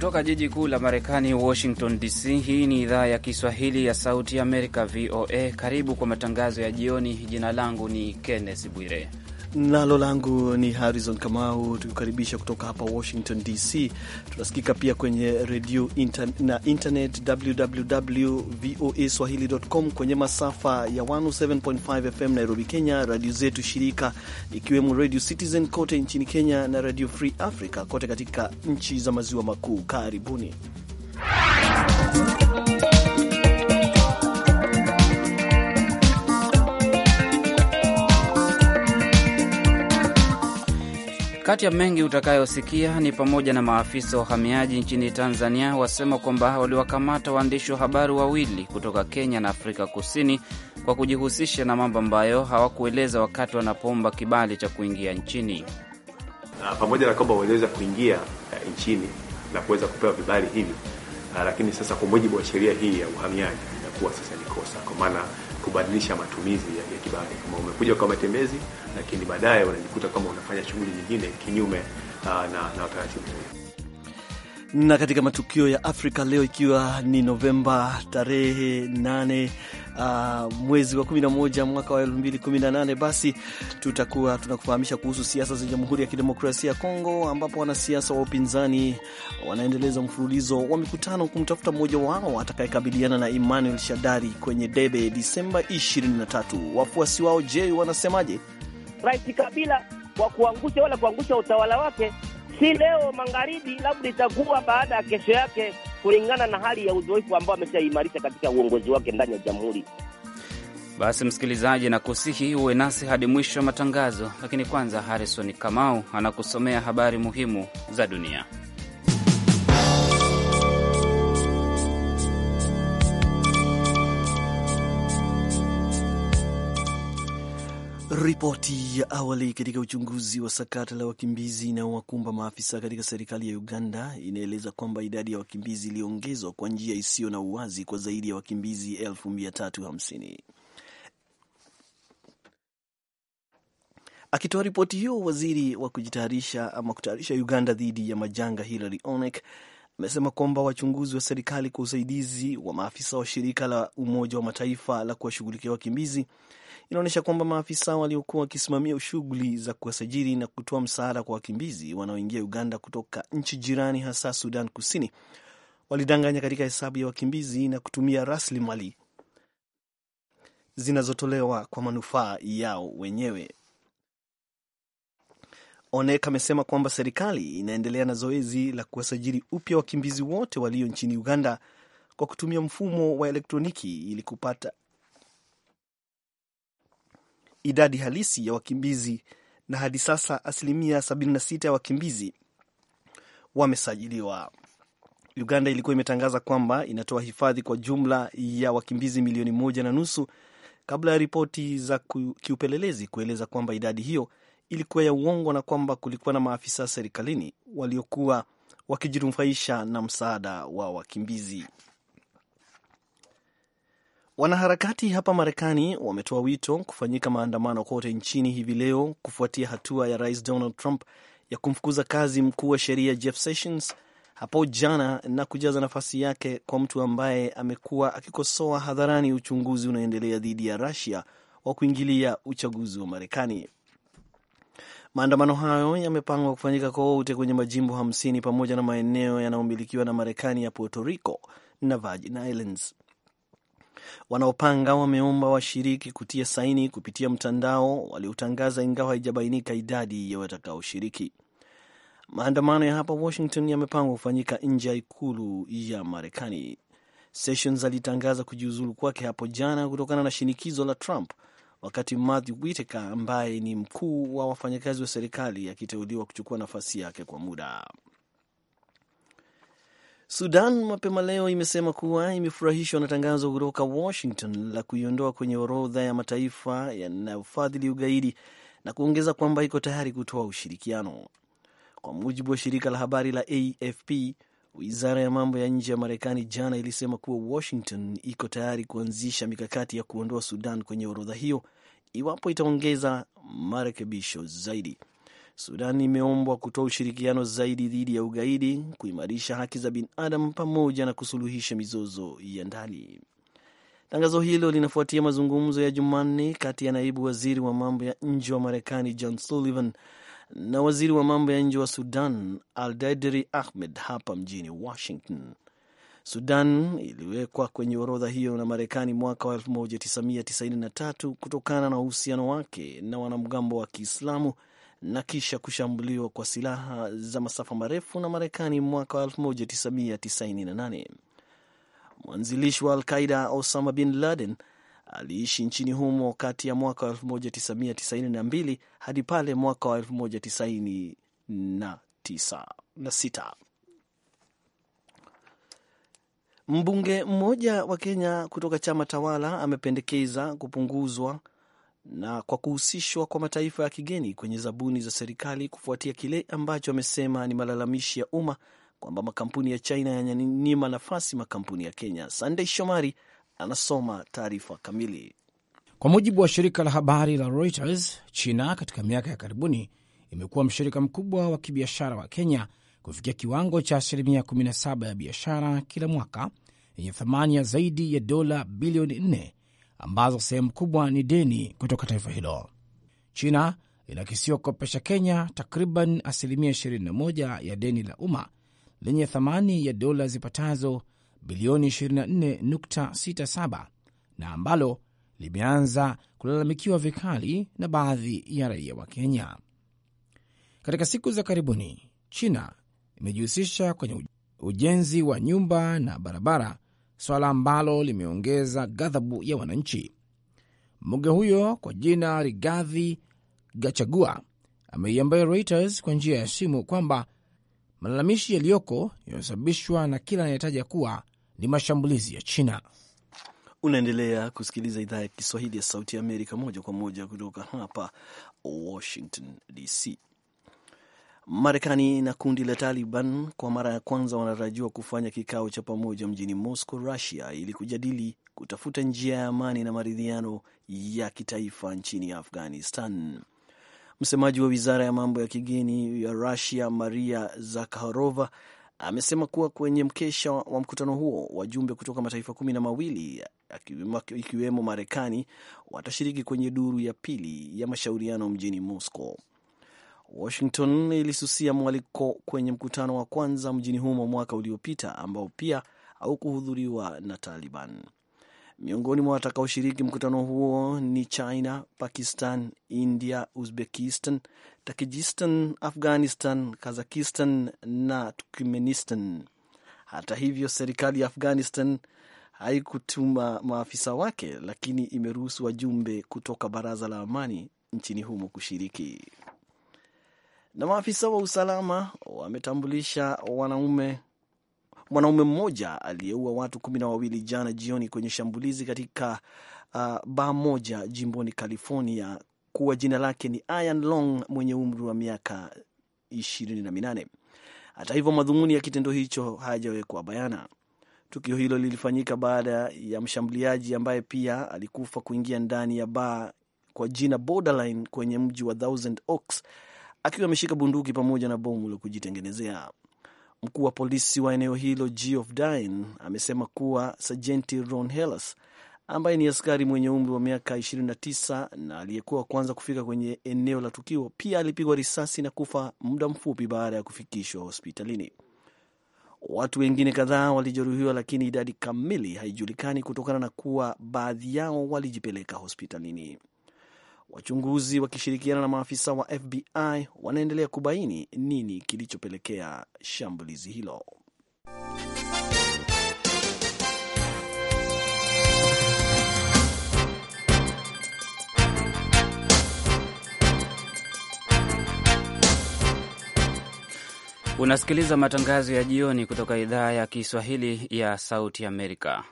kutoka jiji kuu la Marekani, Washington DC. Hii ni idhaa ya Kiswahili ya Sauti ya Amerika, VOA. Karibu kwa matangazo ya jioni. Jina langu ni Kenneth Bwire nalo langu ni Harrison Kamau, tukikaribisha kutoka hapa Washington DC. Tunasikika pia kwenye redio inter na internet www voa swahili.com, kwenye masafa ya 107.5 FM Nairobi, Kenya, radio zetu shirika ikiwemo Radio Citizen kote nchini Kenya na Radio Free Africa kote katika nchi za maziwa makuu. Karibuni Kati ya mengi utakayosikia ni pamoja na maafisa wa uhamiaji nchini Tanzania wasema kwamba waliwakamata waandishi wa habari wawili kutoka Kenya na Afrika Kusini kwa kujihusisha na mambo ambayo hawakueleza wakati wanapoomba kibali cha kuingia nchini. Pamoja na kwamba waliweza kuingia eh, nchini na kuweza kupewa vibali hivi, ah, lakini sasa kwa mujibu wa sheria hii ya uhamiaji inakuwa sasa ni kosa, kwa maana kubadilisha matumizi ya, ya kibali. Kama umekuja kwa matembezi, lakini baadaye unajikuta kama unafanya shughuli nyingine kinyume uh, na, na utaratibu. Na katika matukio ya Afrika leo, ikiwa ni Novemba tarehe 8 uh, ah, mwezi wa 11 mwaka wa 2018, basi tutakuwa tunakufahamisha kuhusu siasa za Jamhuri ya Kidemokrasia ya Kongo, ambapo wanasiasa wa upinzani wanaendeleza mfululizo wa mikutano kumtafuta mmoja wao atakayekabiliana na Emmanuel Shadari kwenye debe Disemba 23. Wafuasi wao je, wanasemaje? Rais Kabila kwa kuangusha wala kuangusha utawala wake si leo magharibi, labda itakuwa baada ya kesho yake, kulingana na hali ya uzoefu ambao ameshaimarisha katika uongozi wake ndani ya jamhuri. Basi msikilizaji, nakusihi uwe nasi hadi mwisho wa matangazo, lakini kwanza Harrison Kamau anakusomea habari muhimu za dunia. Ripoti ya awali katika uchunguzi wa sakata la wakimbizi inayowakumba maafisa katika serikali ya Uganda inaeleza kwamba idadi ya wakimbizi iliongezwa kwa njia isiyo na uwazi kwa zaidi ya wakimbizi 350. Akitoa ripoti hiyo, waziri wa kujitayarisha ama kutayarisha Uganda dhidi ya majanga Hilary Onek amesema kwamba wachunguzi wa serikali kwa usaidizi wa maafisa wa shirika la Umoja wa Mataifa la kuwashughulikia wakimbizi inaonyesha kwamba maafisa waliokuwa wakisimamia shughuli za kuwasajili na kutoa msaada kwa wakimbizi wanaoingia Uganda kutoka nchi jirani hasa Sudan Kusini walidanganya katika hesabu ya wakimbizi na kutumia rasilimali zinazotolewa kwa manufaa yao wenyewe. ONEK amesema kwamba serikali inaendelea na zoezi la kuwasajili upya wakimbizi wote walio nchini Uganda kwa kutumia mfumo wa elektroniki ili kupata idadi halisi ya wakimbizi, na hadi sasa asilimia 76 ya wakimbizi wamesajiliwa. Uganda ilikuwa imetangaza kwamba inatoa hifadhi kwa jumla ya wakimbizi milioni moja na nusu kabla ya ripoti za kiupelelezi kueleza kwamba idadi hiyo ilikuwa ya uongo na kwamba kulikuwa na maafisa serikalini waliokuwa wakijinufaisha na msaada wa wakimbizi. Wanaharakati hapa Marekani wametoa wito kufanyika maandamano kote nchini hivi leo kufuatia hatua ya Rais Donald Trump ya kumfukuza kazi mkuu wa sheria Jeff Sessions hapo jana na kujaza nafasi yake kwa mtu ambaye amekuwa akikosoa hadharani uchunguzi unaoendelea dhidi ya Russia wa kuingilia uchaguzi wa Marekani. Maandamano hayo yamepangwa kufanyika kote kwenye majimbo hamsini pamoja na maeneo yanayomilikiwa na Marekani ya Puerto Rico na Virgin Islands. Wanaopanga wameomba washiriki kutia saini kupitia mtandao waliotangaza, ingawa haijabainika idadi ya watakaoshiriki. Maandamano ya hapa Washington yamepangwa kufanyika nje ya ikulu ya Marekani. Sessions alitangaza kujiuzulu kwake hapo jana kutokana na shinikizo la Trump wakati Matthew Whitaker ambaye ni mkuu wa wafanyakazi wa serikali akiteuliwa kuchukua nafasi yake kwa muda. Sudan mapema leo imesema kuwa imefurahishwa na tangazo kutoka Washington la kuiondoa kwenye orodha ya mataifa yanayofadhili ugaidi na kuongeza kwamba iko tayari kutoa ushirikiano. Kwa mujibu wa shirika la habari la AFP, Wizara ya mambo ya nje ya Marekani jana ilisema kuwa Washington iko tayari kuanzisha mikakati ya kuondoa Sudan kwenye orodha hiyo iwapo itaongeza marekebisho zaidi. Sudan imeombwa kutoa ushirikiano zaidi dhidi ya ugaidi, kuimarisha haki za binadamu pamoja na kusuluhisha mizozo ya ndani. Tangazo hilo linafuatia mazungumzo ya Jumanne kati ya naibu waziri wa mambo ya nje wa Marekani John Sullivan na waziri wa mambo ya nje wa Sudan Aldaidri Ahmed hapa mjini Washington. Sudan iliwekwa kwenye orodha hiyo na Marekani mwaka wa 1993 kutokana na uhusiano wake na wanamgambo wa Kiislamu na kisha kushambuliwa kwa silaha za masafa marefu na Marekani mwaka wa 1998. Mwanzilishi wa Alqaida Osama bin Laden aliishi nchini humo kati ya mwaka wa 1992 hadi pale mwaka wa 1996. Mbunge mmoja wa Kenya kutoka chama tawala amependekeza kupunguzwa na kwa kuhusishwa kwa mataifa ya kigeni kwenye zabuni za serikali kufuatia kile ambacho amesema ni malalamishi ya umma kwamba makampuni ya China yananyima nafasi makampuni ya Kenya. Sandei Shomari anasoma taarifa kamili. Kwa mujibu wa shirika la habari la Reuters, China katika miaka ya karibuni imekuwa mshirika mkubwa wa kibiashara wa Kenya kufikia kiwango cha asilimia 17 ya biashara kila mwaka yenye thamani ya zaidi ya dola bilioni 4 ambazo sehemu kubwa ni deni kutoka taifa hilo. China inakisiwa kukopesha Kenya takriban asilimia 21 ya deni la umma lenye thamani ya dola zipatazo bilioni 24.67 na ambalo limeanza kulalamikiwa vikali na baadhi ya raia wa Kenya. Katika siku za karibuni, China imejihusisha kwenye ujenzi wa nyumba na barabara, swala ambalo limeongeza ghadhabu ya wananchi. Mbunge huyo kwa jina Rigathi Gachagua ameiambia Reuters kwa njia ya simu kwamba malalamishi yaliyoko yamesababishwa na kila anayetaja kuwa ni mashambulizi ya China. Unaendelea kusikiliza idhaa ya Kiswahili ya Sauti ya Amerika moja kwa moja kutoka hapa Washington DC. Marekani na kundi la Taliban kwa mara ya kwanza wanatarajiwa kufanya kikao cha pamoja mjini Moscow, Russia, ili kujadili kutafuta njia ya amani na maridhiano ya kitaifa nchini Afghanistan. Msemaji wa wizara ya mambo ya kigeni ya Russia, Maria Zakharova, amesema kuwa kwenye mkesha wa mkutano huo wajumbe kutoka mataifa kumi na mawili ikiwemo Marekani watashiriki kwenye duru ya pili ya mashauriano mjini Moscow. Washington ilisusia mwaliko kwenye mkutano wa kwanza mjini humo mwaka uliopita ambao pia haukuhudhuriwa na Taliban. Miongoni mwa watakaoshiriki mkutano huo ni China, Pakistan, India, Uzbekistan, Takijistan, Afghanistan, Kazakistan na Turkmenistan. Hata hivyo, serikali ya Afghanistan haikutuma maafisa wake, lakini imeruhusu wajumbe kutoka baraza la amani nchini humo kushiriki. Na maafisa wa usalama wametambulisha wanaume Mwanaume mmoja aliyeua watu kumi na wawili jana jioni kwenye shambulizi katika uh, baa moja jimboni California kuwa jina lake ni Ian Long mwenye umri wa miaka ishirini na minane. Hata hivyo madhumuni ya kitendo hicho hayajawekwa bayana. Tukio hilo lilifanyika baada ya mshambuliaji ambaye pia alikufa kuingia ndani ya baa kwa jina Borderline kwenye mji wa Thousand Oaks akiwa ameshika bunduki pamoja na bomu la kujitengenezea. Mkuu wa polisi wa eneo hilo Geoffdine amesema kuwa Sajenti Ron Hellas ambaye ni askari mwenye umri wa miaka 29 na aliyekuwa kwanza kufika kwenye eneo la tukio pia alipigwa risasi na kufa muda mfupi baada ya kufikishwa hospitalini. Watu wengine kadhaa walijeruhiwa, lakini idadi kamili haijulikani kutokana na kuwa baadhi yao walijipeleka hospitalini. Wachunguzi wakishirikiana na maafisa wa FBI wanaendelea kubaini nini kilichopelekea shambulizi hilo. Unasikiliza matangazo ya jioni kutoka idhaa ya Kiswahili ya Sauti Amerika.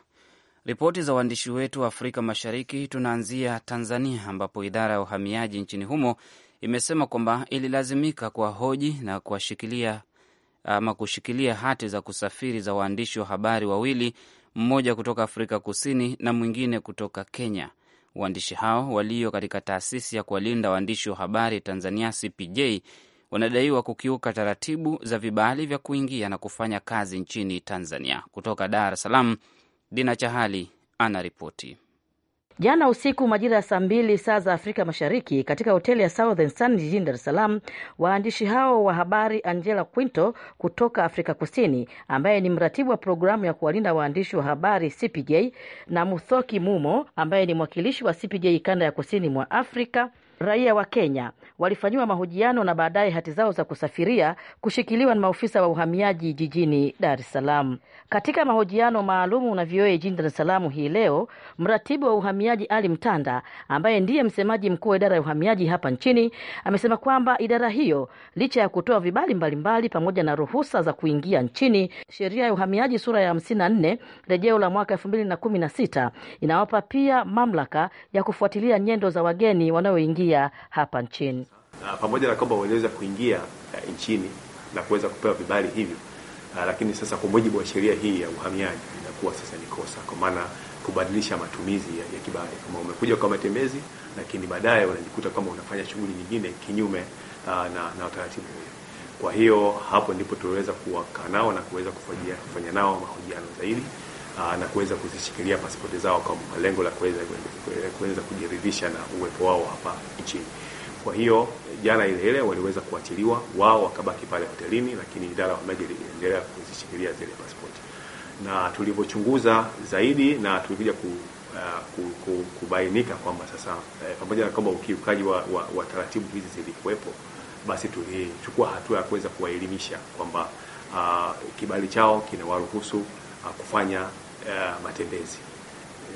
Ripoti za waandishi wetu wa Afrika Mashariki, tunaanzia Tanzania, ambapo idara ya uhamiaji nchini humo imesema kwamba ililazimika kuwahoji na kuwashikilia ama kushikilia hati za kusafiri za waandishi wa habari wawili, mmoja kutoka Afrika Kusini na mwingine kutoka Kenya. Waandishi hao walio katika taasisi ya kuwalinda waandishi wa habari Tanzania, CPJ, wanadaiwa kukiuka taratibu za vibali vya kuingia na kufanya kazi nchini Tanzania. Kutoka Dar es Salaam, Dina Chahali anaripoti. Jana usiku majira ya saa mbili saa za Afrika Mashariki, katika hoteli ya Southern Sun jijini Dar es Salaam, waandishi hao wa habari Angela Quinto kutoka Afrika Kusini, ambaye ni mratibu wa programu ya kuwalinda waandishi wa habari CPJ, na Muthoki Mumo ambaye ni mwakilishi wa CPJ kanda ya kusini mwa Afrika Raia wa Kenya walifanyiwa mahojiano na baadaye hati zao za kusafiria kushikiliwa na maofisa wa uhamiaji jijini Dar es Salaam. Katika mahojiano maalumu na VOA jijini Dar es Salaam hii leo, mratibu wa uhamiaji Ali Mtanda, ambaye ndiye msemaji mkuu wa idara ya uhamiaji hapa nchini, amesema kwamba idara hiyo licha ya kutoa vibali mbalimbali mbali, pamoja na ruhusa za kuingia nchini, sheria ya uhamiaji sura ya 54 rejeo la mwaka 2016 inawapa pia mamlaka ya kufuatilia nyendo za wageni wanaoingia kuingia hapa nchini. Pamoja na kwamba waliweza kuingia eh, nchini na kuweza kupewa vibali hivyo, eh, lakini sasa kwa mujibu wa sheria hii ya uhamiaji inakuwa sasa ni kosa, kwa maana kubadilisha matumizi ya, ya kibali kama umekuja kwa matembezi, lakini baadaye unajikuta kama unafanya shughuli nyingine kinyume eh, na, na utaratibu huyo. Kwa hiyo hapo ndipo tunaweza kuwakaa nao na kuweza kufanya nao mahojiano zaidi. Ah, na kuweza kuzishikilia pasipoti zao kwa lengo la kuweza kujiridhisha na uwepo wao hapa nchini. Kwa hiyo jana ile ile waliweza kuachiliwa wao, wakabaki pale hotelini, lakini idara ya uhamiaji iliendelea kuzishikilia zile pasipoti, na tulivyochunguza zaidi na tulikuja ku, uh, ku, ku, kubainika kwamba sasa eh, pamoja na kwamba ukiukaji wa, wa, wa taratibu hizi zilikuwepo, basi tulichukua hatua ya kuweza kuwaelimisha kwamba uh, kibali chao kinawaruhusu uh, kufanya uh, matembezi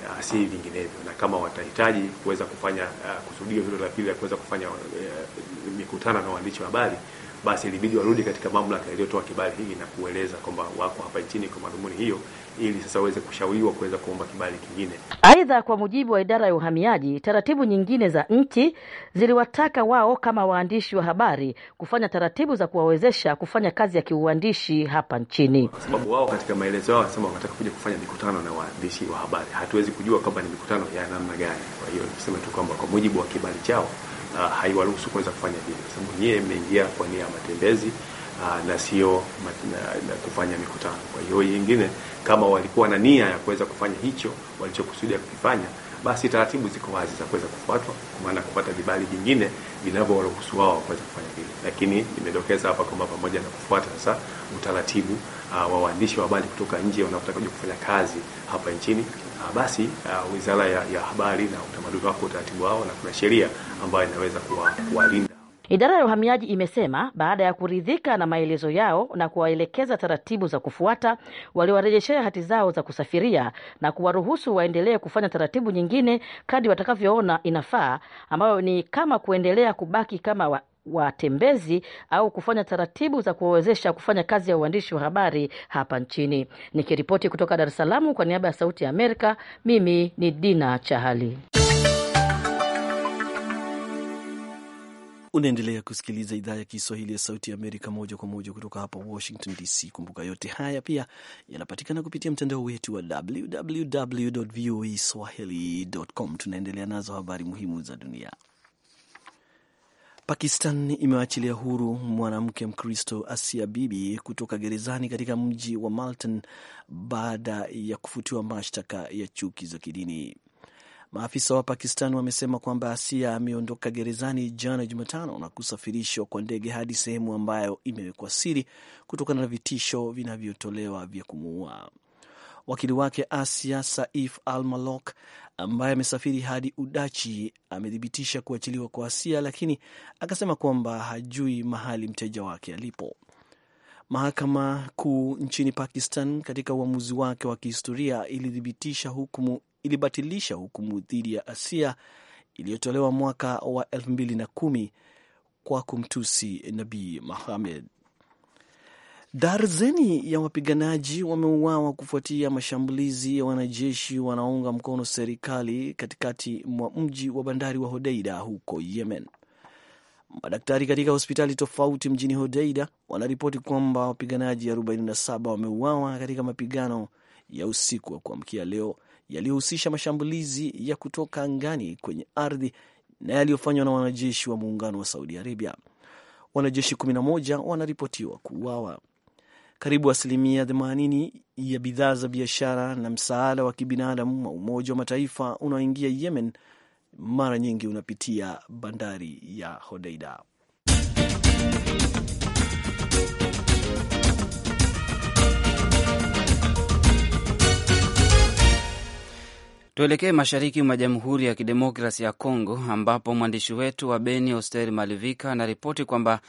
uh, si vinginevyo, na kama watahitaji kuweza kufanya uh, kusudio hilo la pili la kuweza kufanya uh, mikutano na waandishi wa habari basi ilibidi warudi katika mamlaka iliyotoa kibali hiki na kueleza kwamba wako hapa nchini kwa madhumuni hiyo, ili sasa waweze kushauriwa kuweza kuomba kibali kingine. Aidha, kwa mujibu wa idara ya uhamiaji, taratibu nyingine za nchi ziliwataka wao kama waandishi wa habari kufanya taratibu za kuwawezesha kufanya kazi ya kiuandishi hapa nchini, kwa sababu wao katika maelezo yao wanasema wanataka kuja kufanya mikutano na waandishi wa habari. Hatuwezi kujua kwamba ni mikutano ya namna gani, kwa hiyo tuseme tu kwamba kwa mujibu wa kibali chao na haiwaruhusu kuweza kufanya vile, kwa sababu nyewe mmeingia kwa nia ya matembezi ah, na sio kufanya mikutano. Kwa hiyo nyingine, kama walikuwa na nia ya kuweza kufanya hicho walichokusudia kukifanya, basi taratibu ziko wazi za kuweza kufuatwa, kwa maana kupata vibali vingine vinavyowaruhusu wao kuweza kufanya vile. Lakini nimedokeza hapa kwamba pamoja na kufuata sasa utaratibu ah, wa waandishi wa habari kutoka nje wanapotaka kuja kufanya kazi hapa nchini Ah, basi uh, Wizara ya, ya Habari na Utamaduni wako utaratibu wao, na kuna sheria ambayo inaweza kuwalinda. Idara ya Uhamiaji imesema baada ya kuridhika na maelezo yao na kuwaelekeza taratibu za kufuata, waliwarejeshea hati zao za kusafiria na kuwaruhusu waendelee kufanya taratibu nyingine kadi watakavyoona inafaa, ambayo ni kama kuendelea kubaki kama wa watembezi au kufanya taratibu za kuwawezesha kufanya kazi ya uandishi wa habari hapa nchini. Nikiripoti kutoka Dar es Salaam kwa niaba ya Sauti ya Amerika, mimi ni Dina Chahali. Unaendelea kusikiliza idhaa ya Kiswahili ya Sauti ya Amerika moja kwa moja kutoka hapa Washington DC. Kumbuka yote haya pia yanapatikana kupitia mtandao wetu wa www voa e Tunaendelea nazo habari muhimu za dunia. Pakistan imewachilia huru mwanamke Mkristo Asia Bibi kutoka gerezani katika mji wa Multan baada ya kufutiwa mashtaka ya chuki za kidini. Maafisa wa Pakistan wamesema kwamba Asia ameondoka gerezani jana Jumatano na kusafirishwa kwa ndege hadi sehemu ambayo imewekwa siri kutokana na vitisho vinavyotolewa vya kumuua. Wakili wake Asia Saif Al Malok, ambaye amesafiri hadi Udachi, amethibitisha kuachiliwa kwa Asia, lakini akasema kwamba hajui mahali mteja wake alipo. Mahakama Kuu nchini Pakistan katika uamuzi wake wa kihistoria ilithibitisha hukumu, ilibatilisha hukumu dhidi ya Asia iliyotolewa mwaka wa 2010 kwa kumtusi Nabii Muhammad. Darzeni ya wapiganaji wameuawa kufuatia mashambulizi ya wanajeshi wanaounga mkono serikali katikati mwa mji wa bandari wa Hodeida huko Yemen. Madaktari katika hospitali tofauti mjini Hodeida wanaripoti kwamba wapiganaji 47 wameuawa katika mapigano ya usiku wa kuamkia leo yaliyohusisha mashambulizi ya kutoka angani kwenye ardhi na yaliyofanywa na wanajeshi wa muungano wa Saudi Arabia. Wanajeshi 11 wanaripotiwa kuuawa. Karibu asilimia 80 ya bidhaa za biashara na msaada wa kibinadamu wa Umoja wa Mataifa unaoingia Yemen mara nyingi unapitia bandari ya Hodeida. Tuelekee mashariki mwa Jamhuri ya Kidemokrasi ya Kongo, ambapo mwandishi wetu wa Beni, Oster Malivika, anaripoti kwamba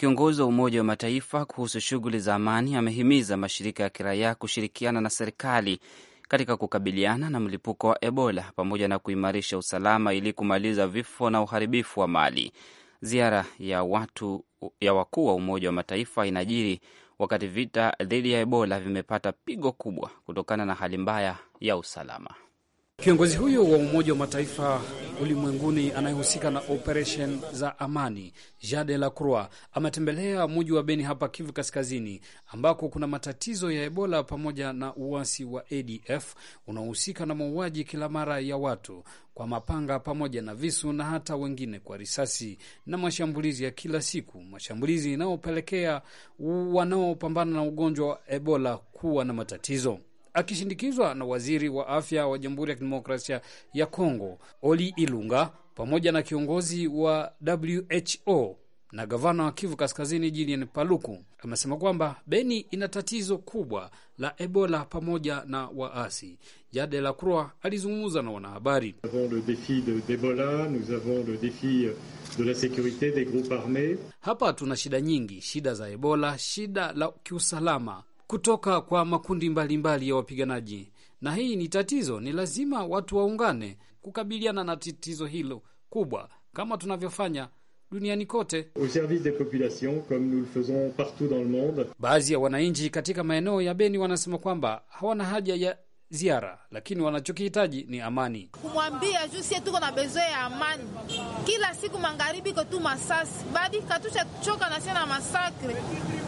Kiongozi wa Umoja wa Mataifa kuhusu shughuli za amani amehimiza mashirika ya kiraia kushirikiana na serikali katika kukabiliana na mlipuko wa Ebola pamoja na kuimarisha usalama ili kumaliza vifo na uharibifu wa mali. Ziara ya watu ya wakuu wa Umoja wa Mataifa inajiri wakati vita dhidi ya Ebola vimepata pigo kubwa kutokana na hali mbaya ya usalama. Kiongozi huyo wa Umoja wa Mataifa ulimwenguni anayehusika na operesheni za amani de La Croix ametembelea mji wa Beni hapa Kivu Kaskazini, ambako kuna matatizo ya Ebola pamoja na uasi wa ADF unaohusika na mauaji kila mara ya watu kwa mapanga pamoja na visu na hata wengine kwa risasi na mashambulizi ya kila siku, mashambulizi inayopelekea wanaopambana na ugonjwa wa Ebola kuwa na matatizo akishindikizwa na waziri wa afya wa Jamhuri ya Kidemokrasia ya Kongo Oli Ilunga pamoja na kiongozi wa WHO na gavana wa Kivu Kaskazini Julian Paluku amesema kwamba Beni ina tatizo kubwa la Ebola pamoja na waasi. Jade la Croix alizungumza na wanahabari. Hapa tuna shida nyingi, shida za Ebola, shida la kiusalama kutoka kwa makundi mbalimbali mbali ya wapiganaji, na hii ni tatizo. Ni lazima watu waungane kukabiliana na tatizo hilo kubwa, kama tunavyofanya duniani kote, au service des populations comme nous le faisons partout dans le monde. Baadhi ya wananchi katika maeneo ya Beni wanasema kwamba hawana haja ya ziara, lakini wanachokihitaji ni amani. Kumwambia juu sie tuko na bezo ya amani, kila siku magharibi iko tu masasi badi katusha choka nasie na masakre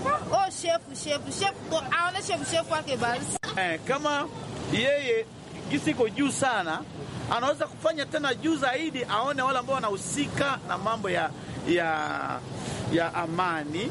o oh, shefu shefu shefu aone shefu shefu wake basi eh, kama yeye gisi iko juu sana, anaweza kufanya tena juu zaidi, aone wale ambao wanahusika na mambo ya, ya, ya amani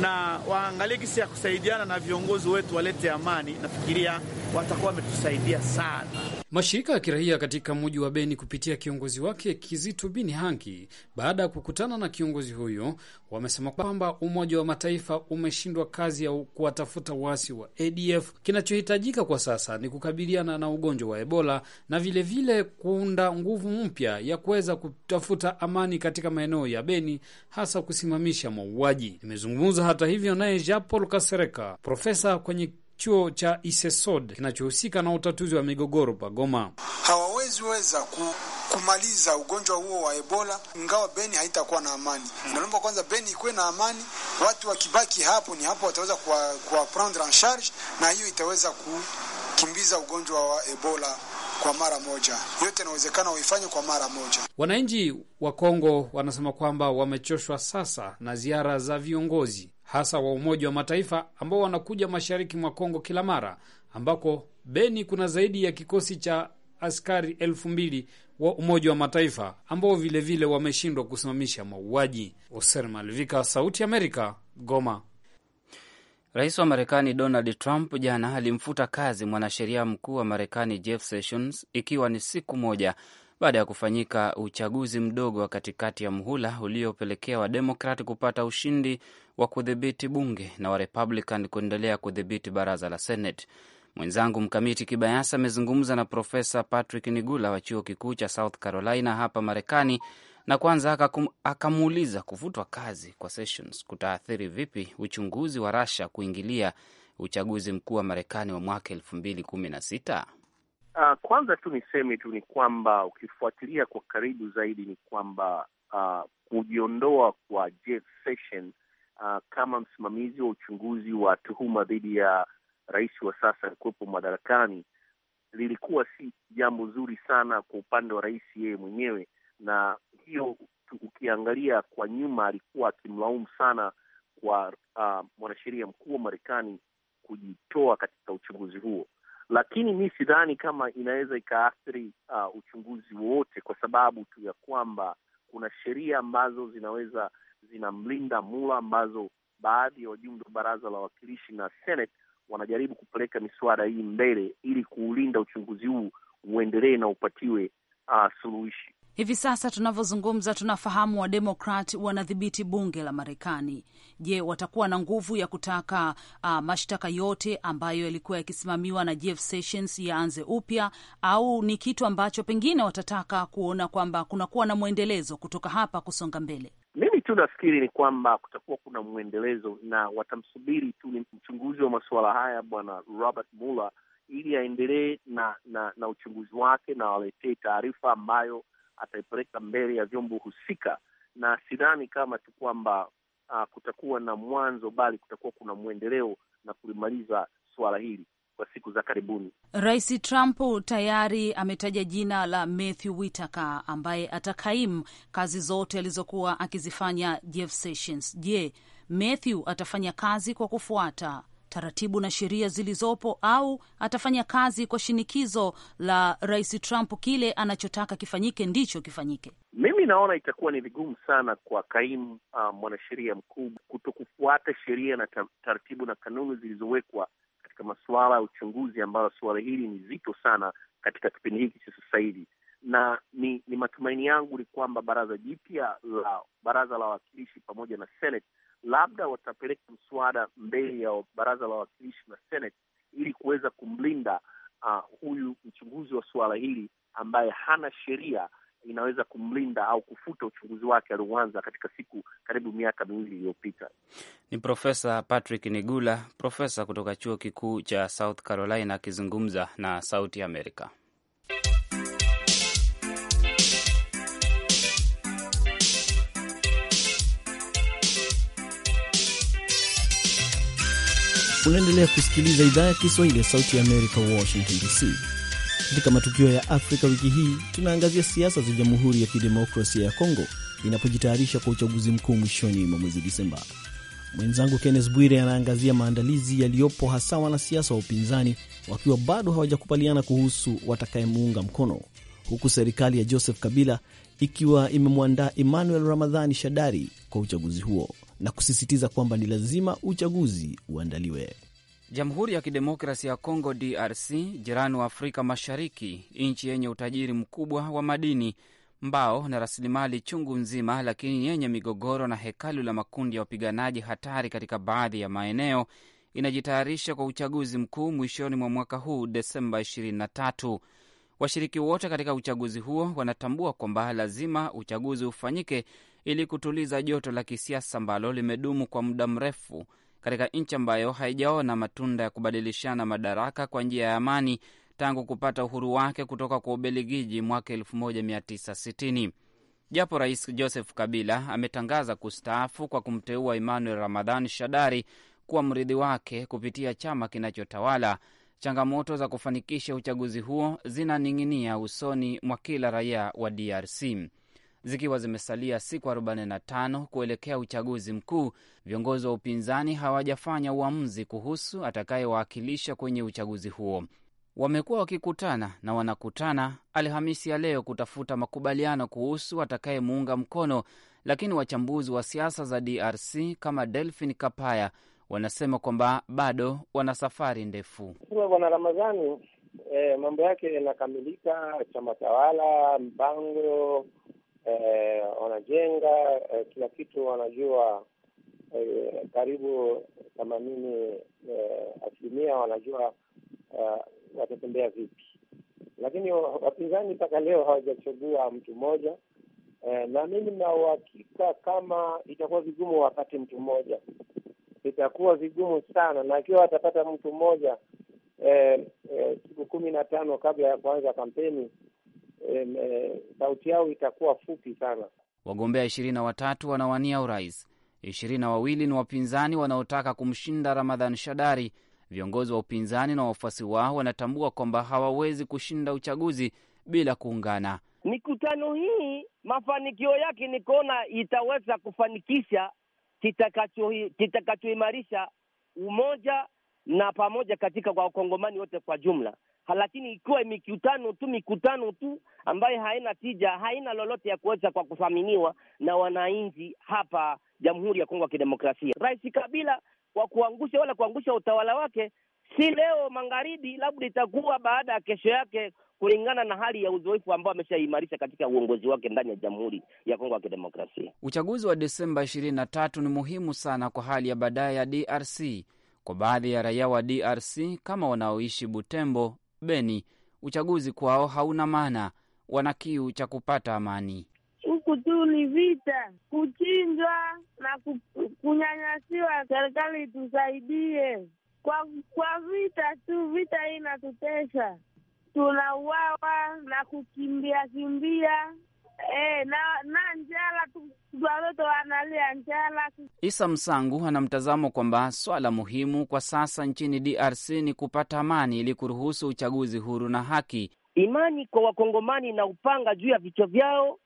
na waangalie gisi ya kusaidiana na viongozi wetu walete amani. Nafikiria watakuwa wametusaidia sana. Mashirika ya kiraia katika mji wa Beni kupitia kiongozi wake Kizito Bini hanki baada ya kukutana na kiongozi huyo, wamesema kwamba Umoja wa Mataifa umeshindwa kazi ya kuwatafuta waasi wa ADF. Kinachohitajika kwa sasa ni kukabiliana na ugonjwa wa Ebola na vilevile vile kuunda nguvu mpya ya kuweza kutafuta amani katika maeneo ya Beni, hasa kusimamisha mauaji. Nimezungumza hata hivyo naye Jean Paul Kasereka, profesa kwenye chuo cha Isesod kinachohusika na utatuzi wa migogoro pa Goma. Hawawezi weza ku, kumaliza ugonjwa huo wa Ebola ingawa Beni haitakuwa na amani. Naomba kwanza Beni ikuwe na amani, watu wakibaki hapo ni hapo wataweza kuwaprendre en charge, na hiyo itaweza kukimbiza ugonjwa wa Ebola kwa mara moja. Yote inawezekana waifanye kwa mara moja. Wananchi wa Kongo wanasema kwamba wamechoshwa sasa na ziara za viongozi hasa wa Umoja wa Mataifa ambao wanakuja mashariki mwa Kongo kila mara, ambako Beni kuna zaidi ya kikosi cha askari elfu mbili wa Umoja wa Mataifa ambao vilevile wameshindwa kusimamisha mauaji. Oser Malvika, Sauti Amerika, Goma. Rais wa Marekani Donald Trump jana alimfuta kazi mwanasheria mkuu wa Marekani Jeff Sessions ikiwa ni siku moja baada ya kufanyika uchaguzi mdogo wa katikati ya mhula uliopelekea Wademokrat kupata ushindi wa kudhibiti bunge na Warepublican kuendelea kudhibiti baraza la Senate. Mwenzangu Mkamiti Kibayasi amezungumza na Profesa Patrick Nigula wa chuo kikuu cha South Carolina hapa Marekani, na kwanza akamuuliza kufutwa kazi kwa Sessions kutaathiri vipi uchunguzi wa Russia kuingilia uchaguzi mkuu wa Marekani wa mwaka elfu mbili kumi na sita. Uh, kwanza tu niseme tu ni kwamba ukifuatilia kwa karibu zaidi ni kwamba uh, kujiondoa kwa Jeff Sessions uh, kama msimamizi wa uchunguzi wa tuhuma dhidi ya rais wa sasa kuwepo madarakani lilikuwa si jambo zuri sana kwa upande wa rais yeye mwenyewe, na hiyo ukiangalia kwa nyuma alikuwa akimlaumu sana kwa uh, mwanasheria mkuu wa Marekani kujitoa katika uchunguzi huo lakini mi sidhani kama inaweza ikaathiri uh, uchunguzi wowote kwa sababu tu ya kwamba kuna sheria ambazo zinaweza zinamlinda Mula ambazo baadhi ya wajumbe wa baraza la wakilishi na Senate wanajaribu kupeleka miswada hii mbele ili kuulinda uchunguzi huu uendelee na upatiwe uh, suluhishi. Hivi sasa tunavyozungumza, tunafahamu Wademokrat wanadhibiti bunge la Marekani. Je, watakuwa na nguvu ya kutaka uh, mashtaka yote ambayo yalikuwa yakisimamiwa na Jeff Sessions yaanze upya, au ni kitu ambacho pengine watataka kuona kwamba kunakuwa na mwendelezo kutoka hapa kusonga mbele? Mimi tu nafikiri ni kwamba kutakuwa kuna mwendelezo na watamsubiri tu ni mchunguzi wa masuala haya Bwana Robert Mueller ili aendelee na, na, na uchunguzi wake na waletee taarifa ambayo ataipeleka mbele ya vyombo husika, na sidhani kama tu kwamba uh, kutakuwa na mwanzo, bali kutakuwa kuna mwendeleo na kulimaliza suala hili kwa siku za karibuni. Rais Trump tayari ametaja jina la Matthew Whitaker ambaye atakaimu kazi zote alizokuwa akizifanya Jeff Sessions. Je, Matthew atafanya kazi kwa kufuata taratibu na sheria zilizopo, au atafanya kazi kwa shinikizo la Rais Trump? Kile anachotaka kifanyike ndicho kifanyike. Mimi naona itakuwa ni vigumu sana kwa kaimu uh, mwanasheria mkuu kuto kufuata sheria na taratibu na kanuni zilizowekwa katika masuala ya uchunguzi, ambayo suala hili ni zito sana katika kipindi hiki cha sasa hivi na ni, ni matumaini yangu ni kwamba baraza jipya la baraza la wawakilishi pamoja na Senate labda watapeleka mswada mbele ya baraza la wawakilishi na Senate ili kuweza kumlinda uh, huyu mchunguzi wa suala hili ambaye hana sheria inaweza kumlinda au kufuta uchunguzi wake alioanza katika siku karibu miaka miwili iliyopita. Ni Profesa Patrick Nigula, profesa kutoka chuo kikuu cha South Carolina akizungumza na Sauti Amerika. Unaendelea kusikiliza idhaa ya Kiswahili ya Sauti ya Amerika, Washington DC. Katika matukio ya Afrika wiki hii, tunaangazia siasa za Jamhuri ya Kidemokrasia ya Kongo inapojitayarisha kwa uchaguzi mkuu mwishoni mwa mwezi Disemba. Mwenzangu Kennes Bwire anaangazia maandalizi yaliyopo, hasa wanasiasa wa upinzani wakiwa bado hawajakubaliana kuhusu watakayemuunga mkono, huku serikali ya Joseph Kabila ikiwa imemwandaa Emmanuel Ramadhani Shadari kwa uchaguzi huo na kusisitiza kwamba ni lazima uchaguzi uandaliwe. Jamhuri ya Kidemokrasi ya Kongo, DRC, jirani wa Afrika Mashariki, nchi yenye utajiri mkubwa wa madini, mbao na rasilimali chungu nzima, lakini yenye migogoro na hekalu la makundi ya wapiganaji hatari katika baadhi ya maeneo, inajitayarisha kwa uchaguzi mkuu mwishoni mwa mwaka huu, Desemba 23. Washiriki wote katika uchaguzi huo wanatambua kwamba lazima uchaguzi ufanyike ili kutuliza joto la kisiasa ambalo limedumu kwa muda mrefu katika nchi ambayo haijaona matunda ya kubadilishana madaraka kwa njia ya amani tangu kupata uhuru wake kutoka kwa Ubeligiji mwaka 1960. Japo Rais Joseph Kabila ametangaza kustaafu kwa kumteua Emmanuel Ramadhan Shadari kuwa mrithi wake kupitia chama kinachotawala, changamoto za kufanikisha uchaguzi huo zinaning'inia usoni mwa kila raia wa DRC zikiwa zimesalia siku 45 kuelekea uchaguzi mkuu, viongozi wa upinzani hawajafanya uamuzi kuhusu atakayewaakilisha kwenye uchaguzi huo. Wamekuwa wakikutana na wanakutana Alhamisi ya leo kutafuta makubaliano kuhusu atakayemuunga mkono, lakini wachambuzi wa siasa za DRC kama Delphin Kapaya wanasema kwamba bado wana safari ndefu. Bwana Ramadhani eh, mambo yake yanakamilika, chama tawala, mpango eh, wanajenga eh, kila kitu wanajua eh, karibu themanini eh, asilimia wanajua eh, watatembea vipi, lakini wapinzani mpaka leo hawajachagua mtu mmoja eh, na mimi na uhakika kama itakuwa vigumu wapate mtu mmoja, itakuwa vigumu sana, na ikiwa watapata mtu mmoja siku eh, eh, kumi na tano kabla ya kuanza kampeni Eh, sauti yao itakuwa fupi sana. Wagombea ishirini na watatu wanawania urais, ishirini na wawili ni wapinzani wanaotaka kumshinda Ramadhan Shadari. Viongozi wa upinzani na wafuasi wao wanatambua kwamba hawawezi kushinda uchaguzi bila kuungana. Mikutano hii mafanikio yake ni kuona itaweza kufanikisha kitakachoimarisha umoja na pamoja katika kwa wakongomani wote kwa jumla lakini ikiwa mikutano tu mikutano tu ambayo haina tija, haina lolote ya kuweza kwa kuthaminiwa na wananchi hapa Jamhuri ya Kongo ya Kidemokrasia. Rais Kabila kwa kuangusha wala kuangusha utawala wake si leo magharibi, labda itakuwa baada ya kesho yake, kulingana na hali ya uzoefu ambao ameshaimarisha katika uongozi wake ndani ya Jamhuri ya Kongo ya Kidemokrasia. Uchaguzi wa Desemba ishirini na tatu ni muhimu sana kwa hali ya baadaye ya DRC. Kwa baadhi ya raia wa DRC kama wanaoishi Butembo Beni, uchaguzi kwao hauna maana, wana kiu cha kupata amani. Huku tu ni vita, kuchinjwa na kunyanyasiwa. Serikali itusaidie kwa kwa vita tu, vita hii inatutesha, tunauawa na kukimbia kimbia E, na, na njala watoto wanalia njala. Isa Msangu ana mtazamo kwamba swala muhimu kwa sasa nchini DRC ni kupata amani ili kuruhusu uchaguzi huru na haki. Imani kwa wakongomani na upanga juu ya vichwa vyao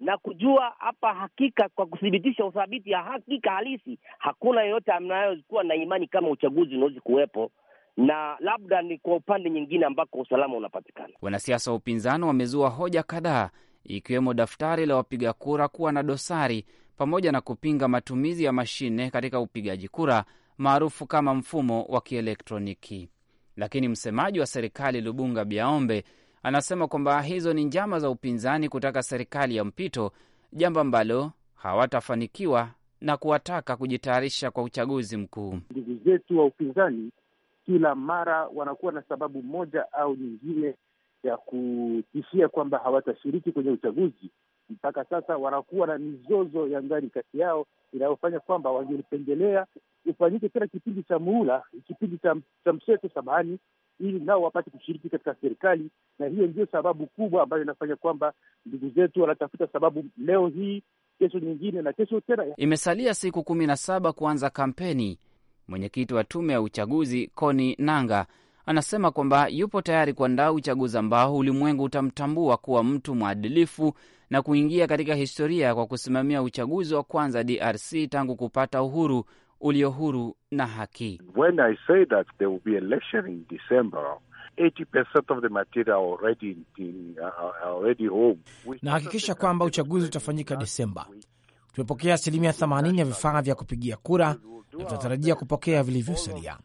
na kujua hapa hakika, kwa kuthibitisha uthabiti ya hakika halisi, hakuna yeyote anayokuwa na imani kama uchaguzi unawezi kuwepo na labda ni kwa upande nyingine ambako usalama unapatikana. Wanasiasa wa upinzani wamezua hoja kadhaa ikiwemo daftari la wapiga kura kuwa na dosari pamoja na kupinga matumizi ya mashine katika upigaji kura maarufu kama mfumo wa kielektroniki. Lakini msemaji wa serikali Lubunga Biaombe anasema kwamba hizo ni njama za upinzani kutaka serikali ya mpito, jambo ambalo hawatafanikiwa na kuwataka kujitayarisha kwa uchaguzi mkuu. Ndugu zetu wa upinzani kila mara wanakuwa na sababu moja au nyingine ya kutishia kwamba hawatashiriki kwenye uchaguzi. Mpaka sasa wanakuwa na mizozo ya ndani kati yao inayofanya kwamba wangelipendelea ufanyike tena kipindi cha muhula, kipindi cha, cha mseto samahani, ili nao wapate kushiriki katika serikali. Na hiyo ndio sababu kubwa ambayo inafanya kwamba ndugu zetu wanatafuta sababu leo hii, kesho nyingine, na kesho tena. Imesalia siku kumi na saba kuanza kampeni. Mwenyekiti wa tume ya uchaguzi Koni Nanga anasema kwamba yupo tayari kuandaa uchaguzi ambao ulimwengu utamtambua kuwa mtu mwadilifu na kuingia katika historia kwa kusimamia uchaguzi wa kwanza DRC tangu kupata uhuru ulio huru na haki. When I say that there will be election in December, 80% of the material already in, uh, already home. Nahakikisha kwamba uchaguzi utafanyika Desemba. Tumepokea asilimia 80 ya vifaa vya kupigia kura na tunatarajia kupokea vilivyosalia.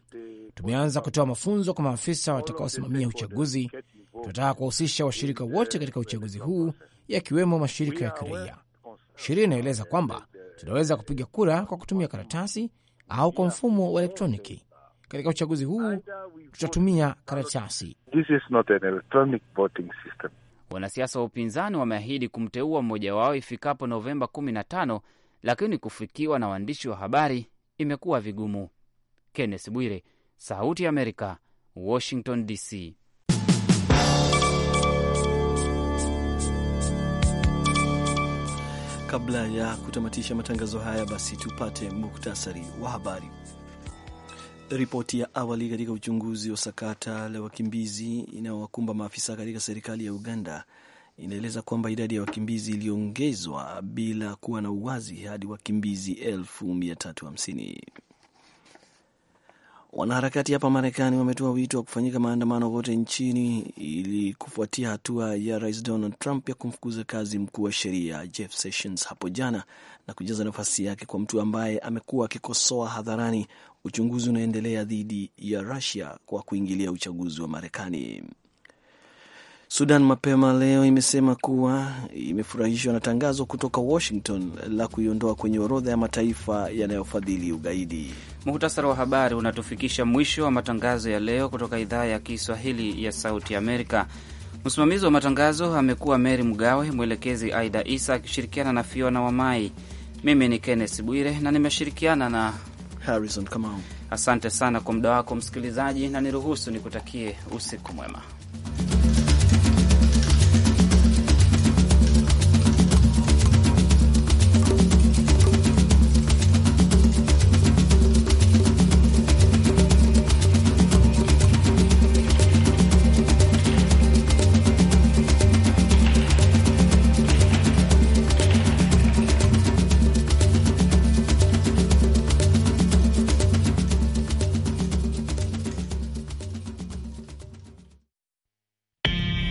Tumeanza kutoa mafunzo kwa maafisa watakaosimamia uchaguzi. Tunataka kuwahusisha washirika wote katika uchaguzi huu, yakiwemo mashirika ya kiraia. Sheria inaeleza kwamba tunaweza kupiga kura kwa kutumia karatasi au kwa mfumo wa elektroniki. Katika uchaguzi huu tutatumia karatasi. Wanasiasa wa upinzani wameahidi kumteua mmoja wao ifikapo Novemba 15, lakini kufikiwa na waandishi wa habari imekuwa vigumu. Kenneth Bwire, Sauti ya Amerika, Washington DC. Kabla ya kutamatisha matangazo haya, basi tupate muktasari wa habari. Ripoti ya awali katika uchunguzi wa sakata la wakimbizi inayowakumba maafisa katika serikali ya Uganda inaeleza kwamba idadi ya wakimbizi iliongezwa bila kuwa na uwazi hadi wakimbizi elfu mia tatu hamsini. Wanaharakati hapa Marekani wametoa wito wa kufanyika maandamano kote nchini ili kufuatia hatua ya Rais Donald Trump ya kumfukuza kazi mkuu wa sheria Jeff Sessions hapo jana na kujaza nafasi yake kwa mtu ambaye amekuwa akikosoa hadharani uchunguzi unaendelea dhidi ya Rusia kwa kuingilia uchaguzi wa Marekani. Sudan mapema leo imesema kuwa imefurahishwa na tangazo kutoka Washington la kuiondoa kwenye orodha ya mataifa yanayofadhili ugaidi. Muhtasari wa habari unatufikisha mwisho wa matangazo ya leo kutoka idhaa ya Kiswahili ya Sauti Amerika. Msimamizi wa matangazo amekuwa Meri Mgawe, mwelekezi Aida Isa akishirikiana na Fiona Wamai. Mimi ni Kenneth Bwire na nimeshirikiana na Harrison Kamau. Asante sana kwa muda wako msikilizaji, na niruhusu nikutakie usiku mwema.